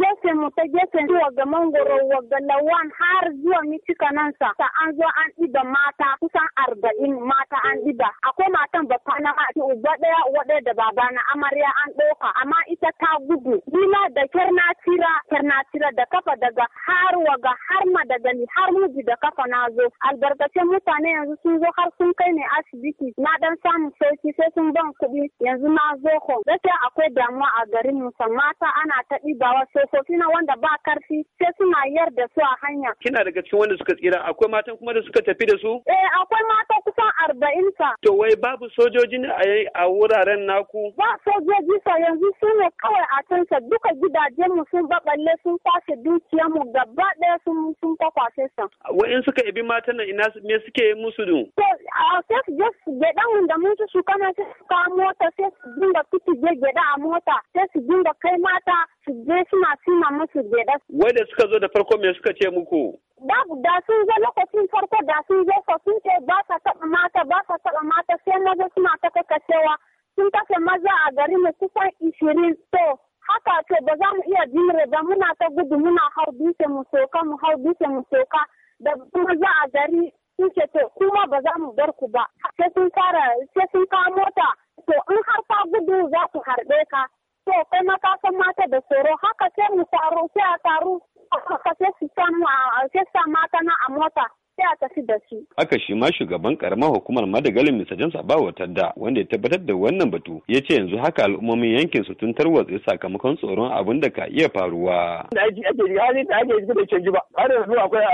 gefen mu ta gefen zuwa ga mangoro ga lawan har zuwa michika nan ta an zo an ɗiba mata kusan arba'in mata an ɗiba akwai matan babba na ma uba ɗaya uwa ɗaya da baba na amarya an ɗauka amma ita ta gudu bila da kernatira kernatira da kafa daga har waga har madagali har muji da kafa na zo albarkacin mutane yanzu sun zo har sun kai ne asibiti na dan samun sauki sai sun ban kuɗi yanzu na zo ko gaskiya akwai damuwa a garin mu mata ana ta ɗibawa sai tsofaffi na wanda ba karfi sai suna yar da su a hanya. Kina daga cikin wanda suka tsira akwai matan kuma da suka tafi da su? Eh akwai mata kusan arba'in sa. To wai babu sojoji ne a wuraren naku? Ba sojoji sa yanzu su ne kawai a can sa duka gidajen mu sun baballe sun kwashe dukiyar mu gaba ɗaya sun sun kwashe sa. in suka ibi matan nan ina me suke musu dun? To a sai su je su gyaɗa mun da mun su kana sai su kawo mota sai su dinga je gyaɗa a mota sai su dinga kai mata dai suna suna musu gyaɗa. Wai da suka zo da farko me suka ce muku? Da da sun zo lokacin farko da sun zo ko sun ce ba sa taɓa mata ba sa taɓa mata sai maza suna ta cewa sun kafe maza a gari mu kusan ishirin to haka ce ba za mu iya jimre ba muna ta gudu muna hau dutse mu soka mu hau dutse mu soka da maza a gari sun ce to kuma ba za mu bar ku ba sai sun fara sai sun kawo mota to in har ka gudu za ku harbe ka to kai ma ka san mata da tsoro haka sai mu taro sai a taru haka sai su samu sai sa mata na a mota sai a tafi da shi. Haka shi ma shugaban karamar hukumar Madagalin Mr. James Abawa Tadda wanda ya tabbatar da wannan batu ya ce yanzu haka al'ummomin yankin su tun tarwatse sakamakon tsoron abin da ka iya faruwa. Da aiki ake yi halin da ake yi da canji ba har yanzu akwai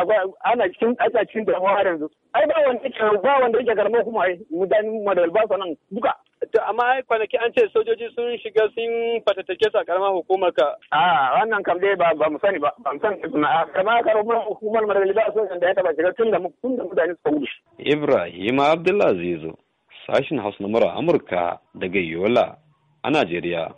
ana cikin ana cikin damuwa har yanzu. Ai ba wanda ke ba wanda yake karamar hukuma ai mu dan albasa ba sanan duka To amma ai kwanaki an ce sojoji sun shiga sun fatattake su a karamar hukumar ka. A wannan kam dai ba mu sani ba ba mu sani ba a karamar karamar hukumar madalli ba sojan da ya taba shiga tun da tun da mutane suka gudu. Ibrahim Abdullahi Zizo sashin Hausa na Amurka daga Yola a Najeriya.